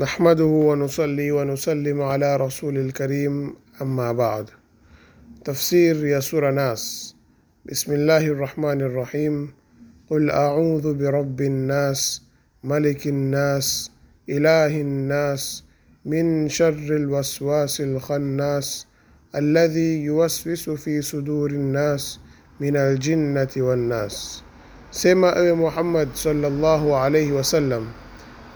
نحمده ونصلي ونسلم على رسول الكريم أما بعد تفسير يا سورة ناس بسم الله الرحمن الرحيم قل أعوذ برب الناس ملك الناس إله الناس من شر الوسواس الخناس الذي يوسوس في صدور الناس من الجنة والناس سمع محمد صلى الله عليه وسلم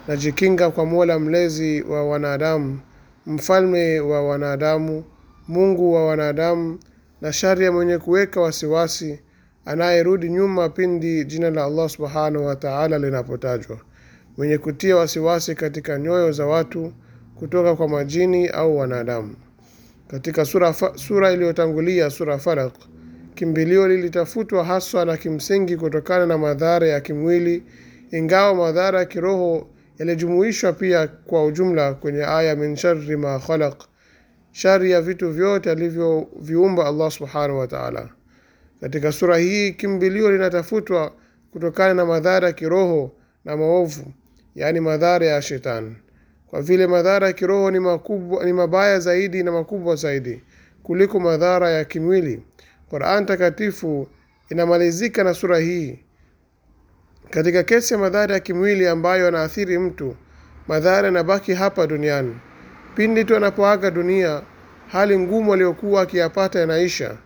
najikinga kwa Mola mlezi wa wanadamu, mfalme wa wanadamu, Mungu wa wanadamu, na shari ya mwenye kuweka wasiwasi, anayerudi nyuma pindi jina la Allah subhanahu wa taala linapotajwa, mwenye kutia wasiwasi katika nyoyo za watu kutoka kwa majini au wanadamu. Katika sura, sura iliyotangulia sura Falaq, kimbilio lilitafutwa haswa na kimsingi kutokana na madhara ya kimwili, ingawa madhara ya kiroho yanajumuishwa pia kwa ujumla kwenye aya min sharri ma khalaq, shari ya vitu vyote alivyoviumba Allah subhanahu wa ta'ala. Katika sura hii kimbilio linatafutwa kutokana na madhara ya kiroho na maovu, yaani madhara ya shetani, kwa vile madhara ya kiroho ni makubwa, ni mabaya zaidi na makubwa zaidi kuliko madhara ya kimwili. Qur'an takatifu inamalizika na sura hii. Katika kesi ya madhara ya kimwili ambayo yanaathiri mtu, madhara yanabaki hapa duniani. Pindi tu anapoaga dunia, hali ngumu aliyokuwa akiyapata yanaisha.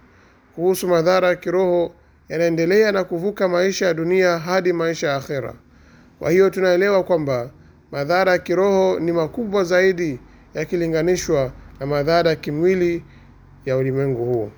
Kuhusu madhara ya kiroho, yanaendelea na kuvuka maisha ya dunia hadi maisha ya akhera. Kwa hiyo tunaelewa kwamba madhara ya kiroho ni makubwa zaidi yakilinganishwa na madhara ya kimwili ya ulimwengu huu.